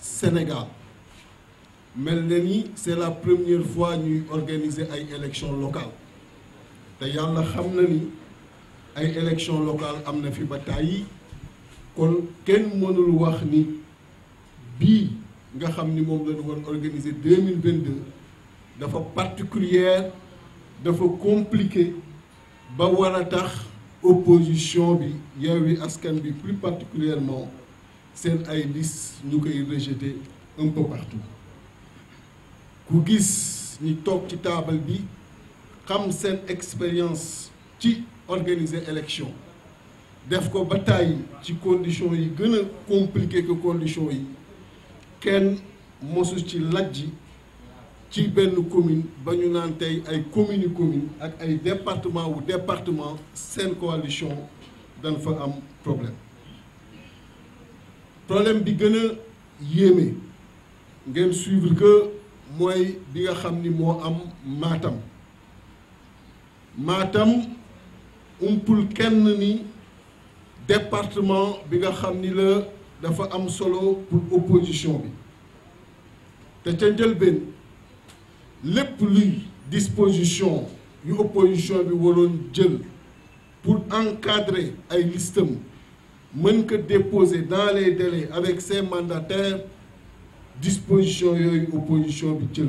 Sénégal Mais c'est la première fois que nous organisons élections locales locale. yàlla xam na ni ay élections locales am na fi a tàyyi kon kenn mënul wax nga organiser 2022, particulière dafa compliqué ba wara tax opposition bi yewi Askan bi, plus particulièrement sen ay liste ñu koy rejeté un peu partout ku gis ñi tok ci table bi xam sen expérience ci organiser élection def ko ba tàyyi ci conditions yi gëna compliqué que conditions yi ken mosu ci lajji ci benn commune ba ñu naan tey ay commune commune ak ay département wu département seen coalition dañ fa am problème problème bi gën a yéeme ngeen suivre que mooy bi nga xam ni moo am Matam Matam umpul kenn ni département bi nga xam ni la dafa am solo pour opposition bi te ca njëlbeen lépp luy disposition yu opposition bi waroon jël pour encadrer ay listam mën ko déposer dans les délais avec ses mandataires disposition yooyu opposition bi jël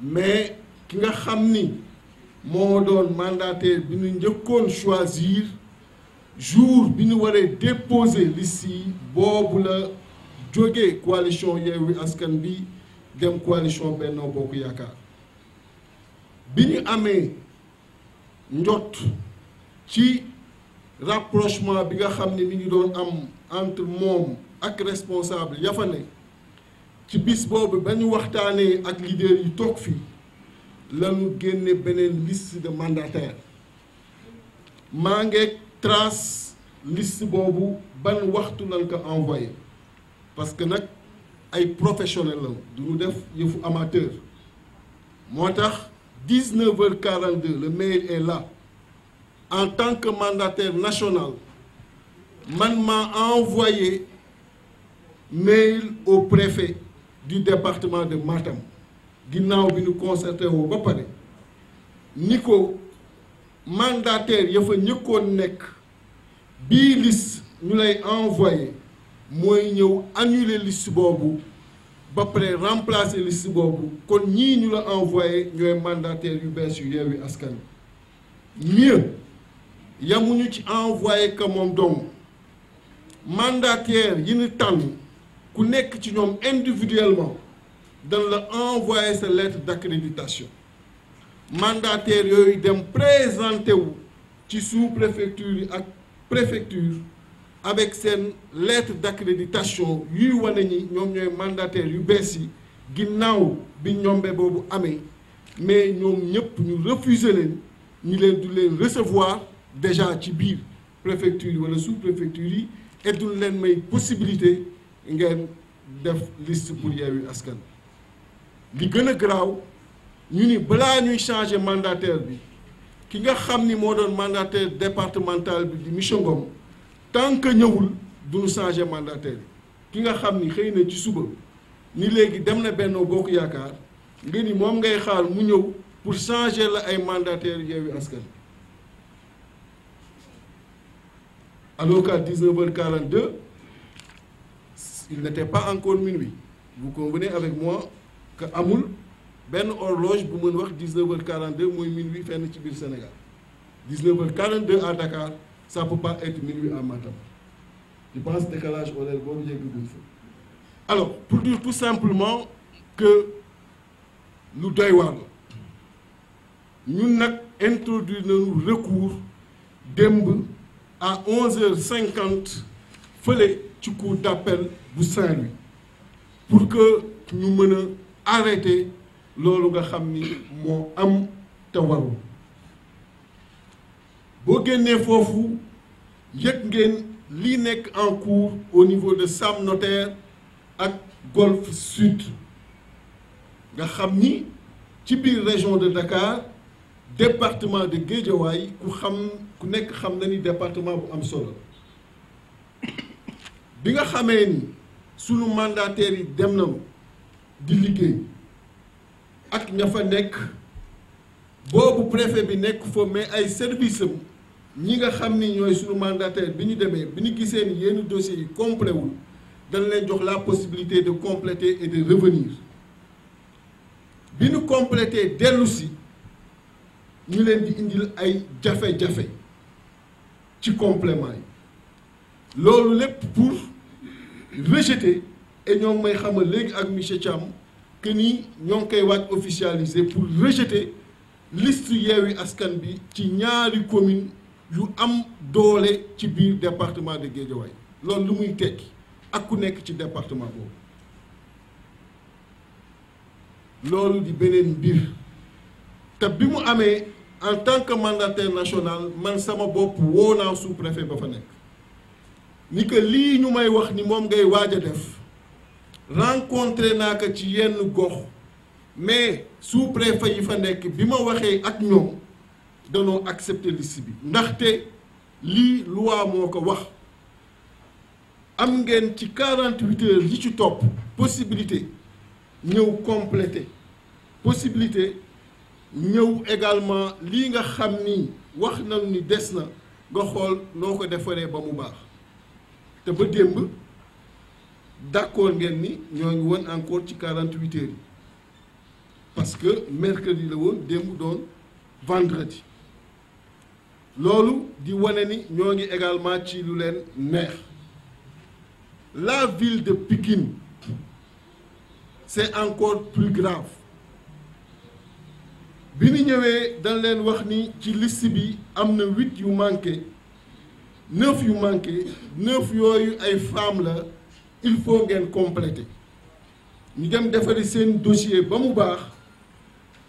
mais ki nga xam ni moo doon mandataire bi ñu njëkkoon choisir jour bi ñu waree déposer liste yi boobu la jógee coalition que Askan bi dem coalition Benno Bokk Yaakaar bi ñu amee njot ci rapprochement bi nga xam ne mi ngi doon am entre moom ak responsable ya fa ne ci bis boobu ba ñu waxtaanee ak leader yi toog fi lañu génne beneen liste de mandataires maa ngeeg trace liste boobu ban waxtu lañ ko envoyé parce que nag ay professionnel la du ñu def yëfu amateur moo 19 h 42 le maire est là en tant que mandataire national, man m'a envoyé mail au préfet du département de Matam qui bi nous concerté au ba Nico mandataire il faut que nous nous liste nous envoyé mooy annule annuler liste boobu remplacer liste boobu kon nous ñu envoyé le mandataire Hubert bees et Askan mieux yamuñu ci envoyé que moom dong mandataire yi ñu tànn ku nekk ci ñoom individuellement dañ la envoyé sa lettre d'accréditation mandataire yooyu dem présenté wu ci sous-préfecture ak préfecture avec seen lettre d'accréditation yuy wane ñi ñoom ñooy mandataire yu bees yi ginnaaw bi ñombe boobu amee mais ñoom ñëpp ñu refuser leen ñu leen du leen recevoir déjà ci biir préfecture yi wala sous-préfecture et etul leen may possibilité faire def liste pour Yewwi Askan li gën a garaaw ñu ni balaa ñuy changer mandataire bi ki nga xam ni doon mandataire départemental bi di Michel Ngom tant que ñëwul duñu changer mandataire ki nga xam ni xëy na ci suba ni légui dem na Benno Bokk yakar nga mom ngay xaar mu ñew pour changer la ay mandataire yewi Askan alors qu'à 19h42, il n'était pas encore minuit. Vous convenez avec moi que Amoul, Ben horloge pour 19h42 mooy minuit fenn ci le Sénégal 19h42 à Dakar ça ne peut pas être minuit à matin. je pense décalage horaire boobu yegg le alors pour dire tout simplement que nous doy nous avons introduit recours demb à 11h50 il ci cour d'appel bu Saint-Louis pour que nous mën arrêter loolu nga mon ni am te vous, boo génnee foofu en cours au niveau de Sam Notaire à Golf Sud nga xam région de Dakar département de Guédiawaye ku xam ku nekk xam na département bu am solo bi nga xamee ni sunu mandataires yi dem na di liggéey ak préfet bi nek fo mais ay service am ñi nga ni sunu mandataire bi ñu demee bi ñu gisee ni yenn dossiers complet dañ la possibilité de compléter et de revenir bi ñu compléter dès ñu leen di indil ay jafe-jafe ci complément yi loolu lépp pour rejeter et ñoom may xamal léegi ak monsieur Thiam que ni ñoo ngi koy waaj officialiser pour rejeter liste Yewwi Askan Bi ci ñaari commune yu am doole ci biir département de Guédiawaye loolu lu muy tekki ak ku nekk ci département boobu loolu di beneen mbir te bi mu amee en tant que mandataire national man sama bopp sous préfet ba fa ni que li ñu may wax ni mom ngay waja def rencontré naa ci yenn gox mais sous préfet yi fa nek bima waxé ak ñom ñoom danoo accepter liste bi ndaxte li loi moko wax am ngeen ci 48 heures yi ci top possibilité ñeu compléter possibilité avons également lii nga xam wax ni des na nga xool ba mu ba démb d'accord ngeen ni ñoo ngi encore ci 48 heures parce que mercredi la woon vendredi loolu di wane ni ñoo également ci lu la ville de Pékin, c'est encore plus grave bi ñëwé dañ leen wax yu neuf yu neuf femmes la il faut ngeen compléter ñu dem dossier ba mu baax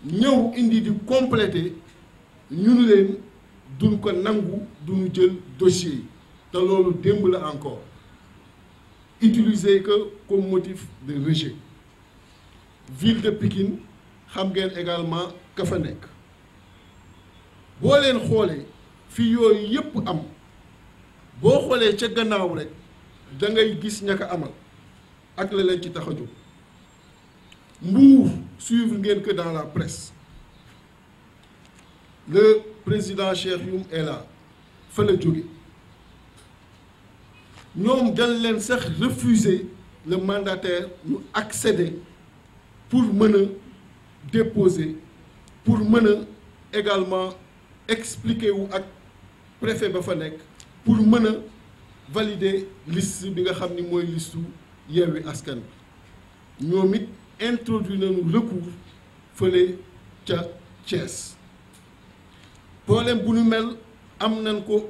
ñëw indi compléter leen duñ nangu duñu jël dossier encore utiliser que comme motif de rejet ville de Pikine a également ka fa nekk am ca gannaaw rek da ngay gis amal ak la ci que dans la presse le président Cheikh Yum est là fa la jóge ñoom dañ refuser le mandataire nous accéder pour mën déposer pour mener également expliquer ou préfet ba pour valider liste bi nga xamni ni liste yewi Askan ñomit introduit le recours pour ca Thiès problème bu ñu mel am ko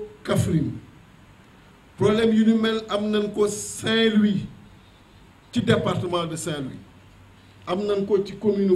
problème yu ñu mel am ko Saint-Louis ci département de Saint-Louis am nañ ko ci commune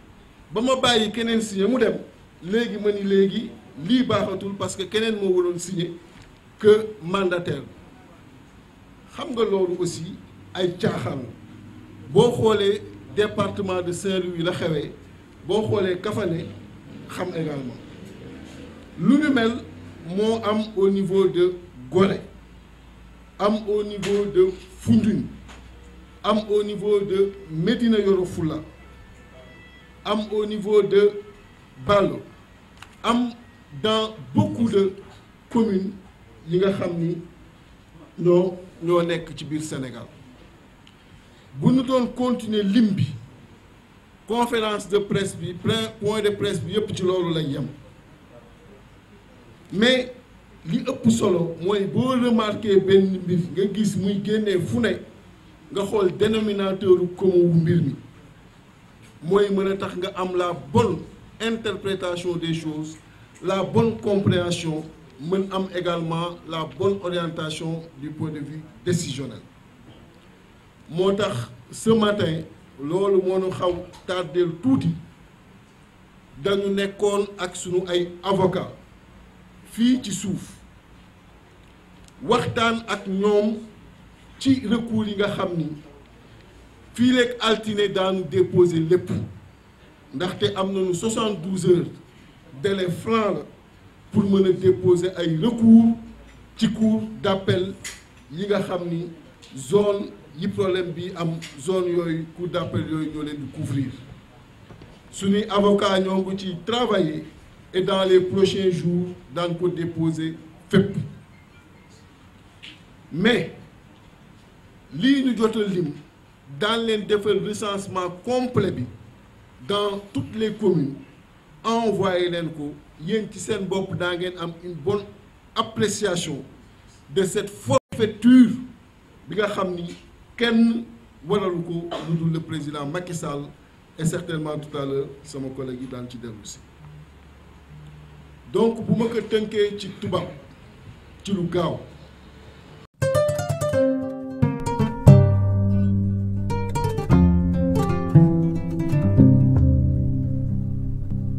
ba ma bàyyi keneen signé mu dem léegi ma ni léegi lii parce que keneen moo waroon signé que mandataire xam nga loolu aussi ay caaxaan boo xoolee département de Saint-Louis la xewee boo xoolee Kaffrine xam également lu ñu mel moo am au niveau de Gorée am au niveau de Foundiougne am au niveau de Médina Yoro Foulah am au niveau de Balo am dans beaucoup de communes yi nga xamni ni ñoo ñoo nekk ci biir Sénégal bu ñu doon continuer limbi conférence de presse bi point de presse bi yépp ci loolu lay yem mais li ëpp solo mooy boo remarqué benn mbir nga gis muy génnee fu ne nga xool dénominateur commun mbir mi moy meuna tax nga am la bonne interprétation des choses la bonne compréhension mais am également la bonne orientation du point de vue décisionnel motax ce matin loolu moo nu xaw tardel touti dañu nekkoon ak sunu ay avocat fi ci souf waxtan ak ñom ci recours yi nga xam ni fii leeg dans déposer déposé lépp ndaxte am 72 heures délai franc pour me déposer un recours ci cour d'appel yi nga a zone yi problème bi am zone yooyu cour d'appel yooyu ñoo di couvrir suñuy avocat ñoo ngi ci travailler et dans les prochains jours dans ko déposer FEP. mais lii ñu jotal lim dans l'un des recensement complet dans toutes les communes envoyez les ko qui ci a une bonne appréciation de cette forfaiture bi nga Ken, kenn le président Macky Sall et certainement tout à l'heure c'est mon collègue dans le ci aussi. donc pour moi, que tënkee ci un ci lu